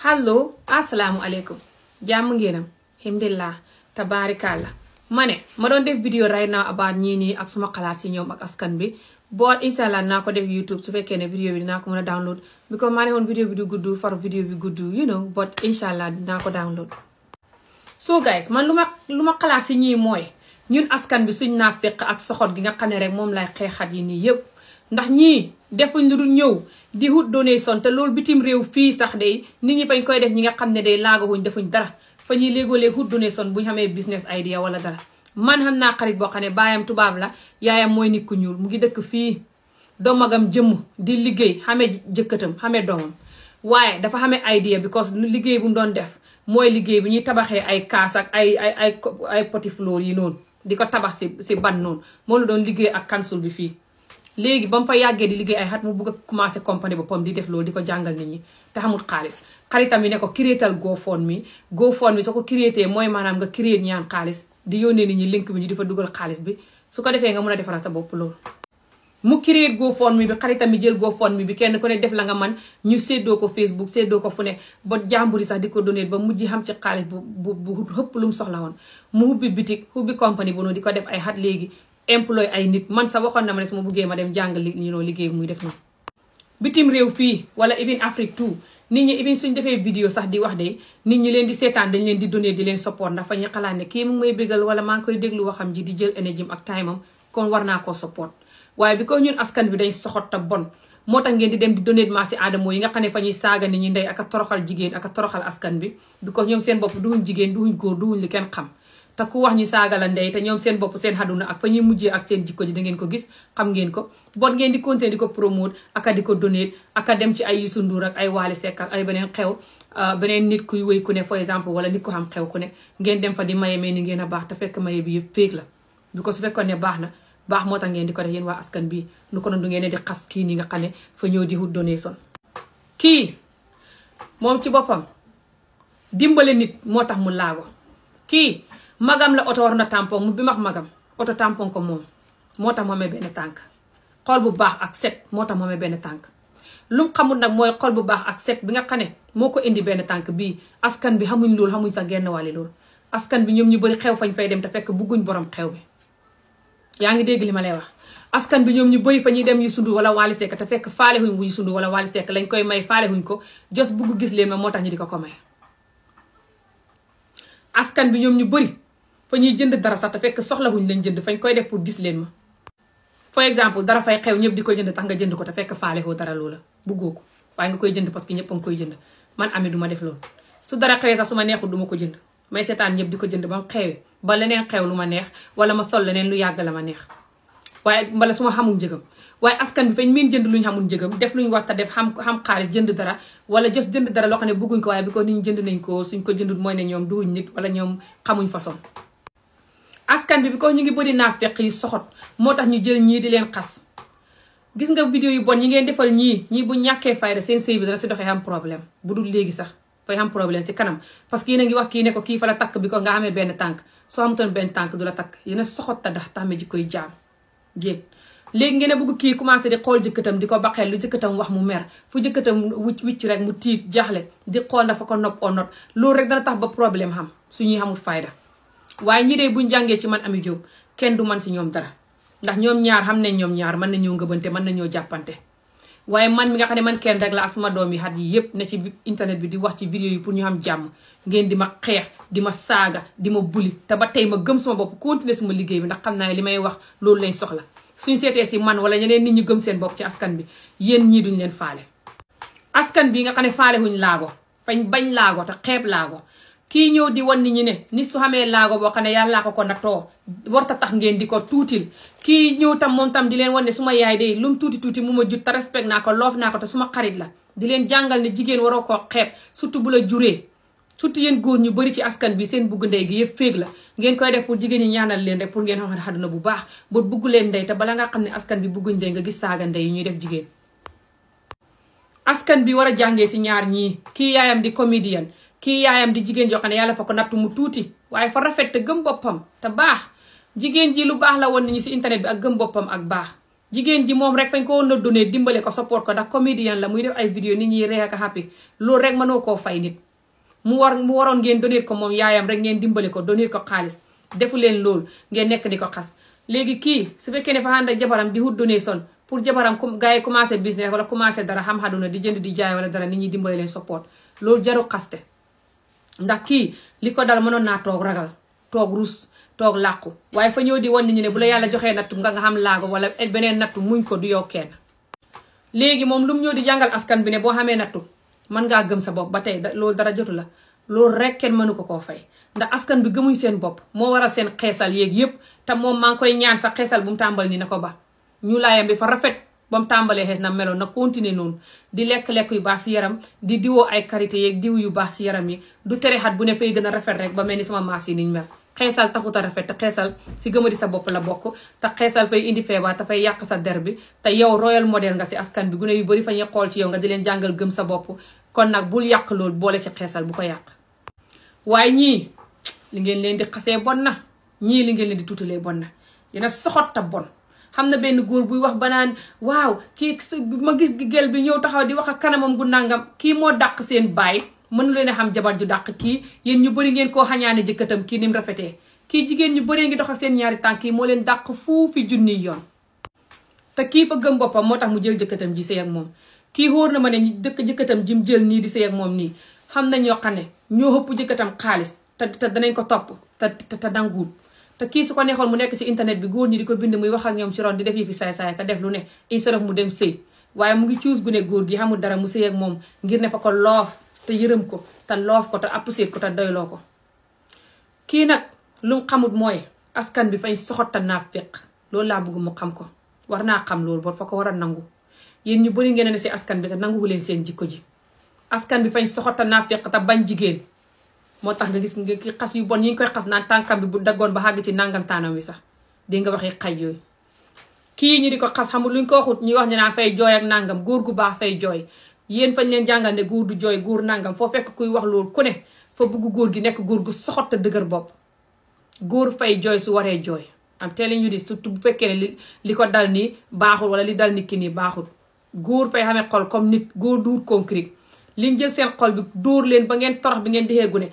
hallo asalaamualeykum jàmm ngeenam alhamdulilah tabaarikàlla ma ne ma doon def vidéo right now about ñii nii ak suma xalaat ñoom ak askan bi boo incha naa ko def YouTube su fekkee ne vidéo bi dinaa ko mën a download because maa ne woon vidéo bi du gudd far vidéo bi gudd you know but incha allah dinaa ko download. so guys man lu ma lu ma xalaat si ñii mooy ñun askan bi suñ naa fekk ak soxot gi nga xam ne rek moom lay xeexat yi nii yëpp. ndax ñii defuñ lu dul ñëw di wut donation te loolu bitim réew fii sax day nit ñi fañ koy def ñi nga xam ne day laagawuñ defuñ dara fa ñuy léegoolee wut donation buñ xamee business idea wala dara man xam naa xarit boo xam ne baayam tubaab la yaayam mooy nit ku ñuul mu ngi dëkk fii doomagam jëmm di liggéey xamee jëkkatam xamee doomam waaye dafa xamee idea because liggéey bu mu doon def mooy liggéey bu ñuy tabaxee ay kaas ak ay ay ay ay poti fleur yi noonu di ko tabax si si ban noonu moo la doon liggéey ak kansul bi fii léegi ba mu fa yàggee di liggéey ay xat mu bugg a commencé compagnie boppam di def loolu di ko jàngal nit ñi te xamut xaalis xaritam mi ne ko goo foon mi soo ko créétee mooy maanaam nga créé ñaan xaalis di yónnee nit ñi link bi ñu di dugal xaalis bi su ko defee nga mën a defaral sa bopp loolu mu créé GoFundMe bi xaritam yi jël GoFundMe bi kenn ku ne def la nga man ñu séddoo ko Facebook séddoo ko fu ne ba jàmbur yi sax di ko donné ba mujj xam ci xaalis bu bu bu xëpp lu mu soxla woon mu hubbi bitik hubbi compagnie bu noonu di ko def ay xat léegi employé ay nit man sa waxoon na ma ne su ma buggee ma dem jàng li ñu noo liggéey muy def noonu bitim réew fii wala even Afrique tout nit ñi even suñ defee vidéo sax di wax de nit ñi leen di seetaan dañ leen di donné di leen support ndax fa ñu xalaat ne kii mu may bégal wala maa ngi koy déglu waxam ji di jël énergie ak time am kon war naa koo support waaye bi ko ñun askan bi dañ soxot ta bon moo tax ngeen di dem di donné maa si aadama yi nga xam ne fa ñuy saaga nit ñi ndey ak a toroxal jigéen a toroxal bi bi ko ñoom seen bopp duhuñ jigéen duhuñ góor duhuñ te ku wax ñu saaga la ndey te ñoom seen bopp seen xaduna ak fa ñuy mujjee ak seen jikko ji da ngeen ko gis xam ngeen ko bon ngeen di continuer di ko promote aka di ko donate aka dem ci ay Youssou Ndour ak ay Wally Seck ak xew euh, beneen nit kuy wéy ku ne for exemple wala nit ko xam xew ku ne ngeen dem fa di maye mel ni ngeen a baax te fekk maye bi yëpp féeg la bu ko su fekkoon ne baax na baax moo tax ngeen di ko def yéen waa askan bi nu ko noon du ngeen ne di nga xam ne fa ñëw di wut donation kii moom ci boppam dimbale nit moo tax mu laago kii magam la oto war na tampon mu bi max magam oto tampon ko moom moo tax mu amee benn tànk xol bu baax ak set moo tax mu benn tànk lu xamul nag mooy xol bu baax ak set bi nga xam ne moo ko indi benn tànk bii askan bi xamuñ loolu xamuñ sax genn wàlle loolu askan bi ñoom ñu bëri xew fañ fay dem te fekk bugguñ borom xew bi yaa ngi dégg li ma lay wax askan bi ñoom ñu bëri fa ñuy dem yu sundu wala waali sekk te fekk faale huñ wu wala waali sekk lañ koy may faale huñ ko jos bugg gis leen ma moo tax ñu di ko ko may askan bi ñoom ñu bëri fa ñuy jënd dara sax te fekk soxlawuñ lañ jënd fañ koy def pour gis leen ma for exemple dara fay xew ñëpp di ko jënd tax nga jënd ko te fekk faalewoo dara loola buggoo ko waaye nga koy jënd parce que ñëpp a koy jënd man ami du ma def loolu su dara xewee ma neexul du ma ko jënd may seetaan ñëpp di ko jënd ba mu xewee ba leneen xew lu ma neex wala ma sol leneen lu yàgg la ma neex waaye mbala su ma xamul njëgam waaye askan bi fañ miin jënd luñ xamul njëgam def luñ waxta def xam xam xaalis jënd dara wala jos jënd dara loo xam ne bëgguñ ko waaye bi ko nit ñi jënd nañ ko suñ ko jëndul mooy ne ñoom duuñ nit wala ñoom xamuñ façon askan bi bi ko ñu ngi bëri naa feq yi soxot moo tax ñu jël ñii di leen xas gis nga vidéo yu bon ñi ngeen defal ñii ñii bu ñàkkee fayda seen sëy bi dana si doxee am problème bu dul léegi sax fay am problème si kanam parce que yéen a ngi wax kii ne ko kii fa la takk bi ko nga amee benn tànk soo amutoon benn tànk du la takk yéen a soxot ta dax taxme ji koy jaam jéeg léegi ngeen a bëgg kii commencé di xool jëkkatam di ko baqeel lu jëkkatam wax mu mer fu jëkkatam wicc wicc rek mu tiit jaaxle di xool dafa ko nopp o not loolu rek dana tax ba problème xam su suñuy xamul fayda waaye ñi dee buñ jàngee ci man Ami Diop kenn du man si ñoom dara ndax ñoom ñaar xam nañ ñoom ñaar mën nañoo ngëbante mën nañoo jàppante waaye man mi nga xam ne man kenn rek la ak suma doom yi xat yi yépp ne ci internet bi di wax ci vidéo yi pour ñu am jàmm ngeen di ma xeex di ma saaga di ma buli te ba tey ma gëm suma bopp continuer suma liggéey bi ndax xam naa ne li may wax loolu lañ soxla suñ seetee si man wala ñeneen nit ñu gëm seen bopp ci askan bi yéen ñii duñ leen faale askan bi nga xam ne faale huñ laago fañ bañ laago te xeeb laago kii ñëw di wan nit ñi ne nit su xamee laago boo xam ne yàllaa ko ko nattoo warta tax ngeen di ko tuutil kii ñëw tam moom tam di leen wan ne su yaay de lu tuuti tuuti mu ma jut te respect naa ko loof naa ko te suma xarit la di leen jàngal ne jigéen waroo ko xeeb surtout bu la juree surtout yéen góor ñu bari ci askan bi seen bugg ndey gi yëpp féeg la ngeen koy def pour jigéen ñi ñaanal leen rek pour ngeen xam na bu baax ba bugg leen ndey te bala nga xam ne askan bi bugguñ ndey nga gis saaga ndey yi ñuy def jigéen bi war a jàngee si ñaar ñii kii yaayam di comédien kii yaayam di jigéen joo xam ne yàlla fa ko nattu mu tuuti waaye fa rafet te gëm boppam te baax jigéen ji lu baax la woon nañu si internet bi ak gëm boppam ak baax jigéen ji moom rek fañ ko woon a donné dimbale ko support ko ndax comédien la muy def ay vidéo nit ñi ree ak happy koo fay nit mu war mu waroon ngeen donné ko moom yaayam rek ngeen dimbale ko donné ko xaalis defu leen loolu ngeen nekk di ko xas léegi kii su fekkee ne fa ànd ak jabaram di wut donation pour jabaram comme gars yi commencé business wala commencé dara xam-xaduna di jënd di jaay wala dara nit ñi dimbale leen support loolu jaru xaste ndax kii li ko dal mënoon naa toog ragal toog rus toog làqu waaye fa ñëw di wan nit ñu ne bu la yàlla joxee nattu nga nga xam laago wala beneen nattu muñ ko du yow kenn léegi moom lu mu di jàngal askan bi ne boo xamee nattu mën ngaa gëm sa bopp ba tey loolu dara jotu la loolu rek kenn mënu ko koo fay ndax askan bi gëmuñ seen bopp moo war a seen xeesal yéeg yépp te moom maa ngi koy ñaan sa xeesal bu mu tàmbal ni na ko ba ñu laayam bi fa rafet ba mu tàmbalee xees na meloon na continuer noonu di lekk-lekk yu baax si yaram di diwoo ay karité yeeg diw yu baax si yaram yi du tere xat bu ne fay gën a rafet rek ba mel ni sama maas yi niñ mel xeesal taxut a rafet te xeesal si gëma di sa bopp la bokk te xeesal fay indi feebar te fay yàq sa der bi te yow royal model nga si askan bi gune yu bari fa ñuy xool ci yow nga di leen jàngal gëm sa bopp kon nag bul yàq lool boole ci xeesal bu ko yàq waaye ñii li ngeen leen di bon na ñii li ngeen leen di tuutalee bon na yéen a soxot bon xam na benn góor buy wax banaan waaw kii ma gis gel bi ñëw taxaw di wax ak kanamam gu nangam kii moo dàq seen baay mënu leen a xam jabar ju dàq kii yéen ñu bari ngeen koo xañaanee jëkkatam kii ni rafetee kii jigéen ñu bëree ngi dox ak seen ñaari tànk yi moo leen dàq fuufi junniy yoon te kii fa gëm boppam moo tax mu jël jëkkatam ji sëy moom kii xóor na ma ne dëkk jëkkatam ji mu jël nii di sëy ak moom nii xam na ñoo xam ne ñoo ëpp jëkkatam xaalis te te danañ ko topp te te danguwut te kii su ko neexoon mu nekk si internet bi góor ñi di ko bind muy wax ak ñoom ci ron di def yi fi saay-saay ka def lu ne instead of mu dem sëy waaye mu ngi cuus gune góor gi xamul dara mu sëy ak moom ngir ne fa ko loof te yërëm ko te loof ko te apprécier ko te ko kii nag lu xamut mooy askan bi fay soxot te naafeq loolu laa bëgg mu xam ko war naa xam loolu bor fa ko war a nangu yéen ñu bëri ngeen ne si askan bi te nanguwu leen seen jikko ji askan bi fay soxot te naafeq te bañ jigéen moo tax nga gis nga xas yu bon yi nga koy xas naa tànkam bi bu daggoon ba xàgg ci nangam taanam wi sax di nga waxi xaj yooyu kii ñu di ko xas xamul ñu ko waxut ñuy wax ne naa fay jooy ak nangam góor gu baax fay jooy yéen fañ leen jàngal góor du jooy góor nangam foo fekk kuy wax loolu ku ne fa góor gi nekk góor gu soxot dëgër bopp góor fay jooy su waree jooy am teel ñu di surtout bu fekkee ne li ko dal ni baaxul wala li dal nit ki nii baaxul góor fay xamee xol comme nit góor duur concret li jël seen xol bi dóor leen ba ngeen torox bi ngeen di xeegu ne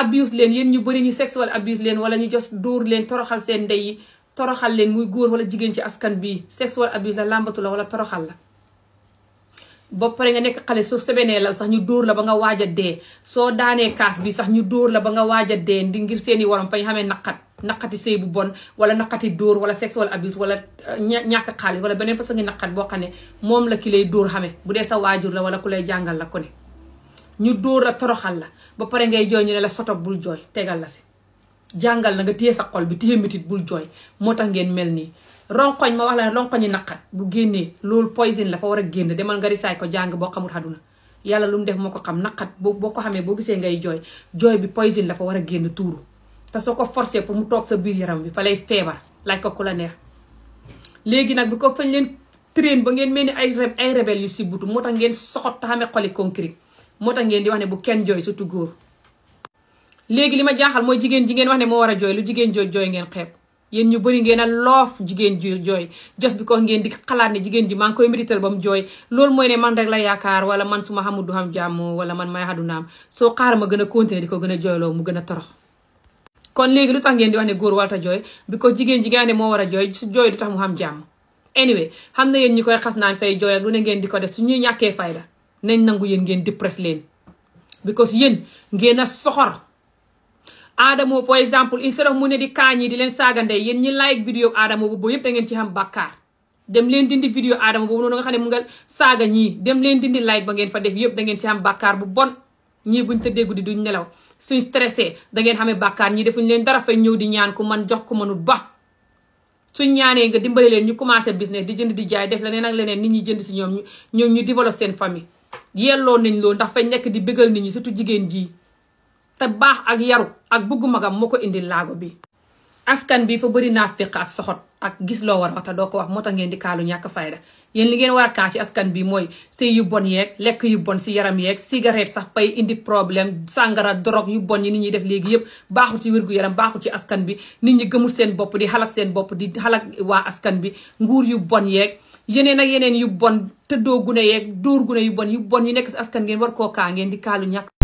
abuse leen yéen ñu bëri ñu sexual abuse leen wala ñu jos dóor leen toroxal seen ndey yi toroxal leen muy góor wala jigéen ci askan bii sexual abuse la làmbatu la wala toroxal la ba pare nga nekk xale soo sebenee lal sax ñu dóor la ba nga waaj a dee soo daanee kaas bi sax ñu dóor la ba nga waaj a dee ndi ngir seeni waram fañ xamee naqat naqati sëy bu bon wala naqati dóor wala sexual abuse wala euh, ñàkk xaalis wala beneen façon ngi naqat boo xam moom la ki lay dóor bu dee sa waajur wala ku lay jàngal la ku ne ñu dóor la toroxal la ba pare ngay jooy ñu ne la soto bul jooy tegal la si jàngal na nga téye sa xol bi téye mitit bul jooy moo tax ngeen mel nii ronkoñ ma wax la ronkoñu naqat bu génnee loolu poison la fa war a génn demal nga risaay ko jàng boo xamul xaduna yàlla lu mu def moo ko xam naqat boo boo ko xamee boo gisee ngay jooy jooy bi poison la fa war a génn tuuru te soo ko forcé pour mu toog sa biir yaram bi fa lay feebar laaj ko ku la neex léegi nag bi ko fañ leen train ba ngeen mel ni ay ay rebelle yu si butu moo tax ngeen soxot te xamee xoli concret moo tax ngeen di wax ne bu kenn jooy surtout góor léegi li ma jaaxal mooy jigéen jigéen wax ne moo war a jooy lu jigéen jooy jooy ngeen xeeb yéen ñu bëri ngeen a loof jigéen ji jooy jos bi ko ngeen di xalaat ne jigéen ji maa ngi koy mérital ba mu jooy loolu mooy ne man rek la yaakaar wala man su ma xamul du xam jàmm wala man may xadu soo xaar ma gën a di ko gën a jooyloo mu gën a torox kon léegi lu tax ngeen di wax ne góor warta jooy bi ko jigéen ji moo war a jooy su jooy du tax xam jàmm anyway xam na yéen ñi koy xas naan fay jooy ak lu ne ngeen di ko def su ñuy ñàkkee fayda nañ nangu yéen ngeen di press leen because yéen ngeen a soxor Adamo for example instead mu ne di kaa ñi di leen saaga ndey yéen ñi like vidéo Adamo boobu yëpp da ngeen ci xam bàkkaar dem leen dindi vidéo Adamo boobu noonu nga xam ne mu nga saaga ñii dem leen dindi like ba ngeen fa def yëpp da ngeen ci xam bàkkaar bu bon ñii buñ tëddee guddi duñ nelaw suñ stressé da ngeen xamee ñi ñii defuñ leen dara fay ñëw di ñaan ku man jox ku mënul ba suñ ñaanee nga dimbale leen ñu commencé business di jënd di def leneen ak leneen nit ñi jënd si ñoom ñu ñoom ñu développe seen famille yelloo nañ loolu ndax fay nekk di bégal nit ñi surtout jigéen jii te baax ak yaru ak bugg magam moo ko indi laago bi askan bi fa bëri naa féq ak soxot ak gis loo war a wax doo ko wax moo tax ngeen di kaalu ñàkk fayda yéen li ngeen war a kaa ci askan bi mooy sëy yu bon yeeg lekk yu bon si yaram yeeg cigarette sax fay indi problème sàngara drogue yu bon yi nit ñuy def léegi yëpp baaxul ci wér yaram baaxul ci askan bi nit ñi gëmul seen bopp di xalak seen bopp di xalak waa askan bi nguur yu bon yeeg yeneen ak yeneen yu bon tëddoo gune yeeg dóor gune yu bon yu bon yu nekk si askan ngeen war koo kaa ngeen di kaalu ñàkk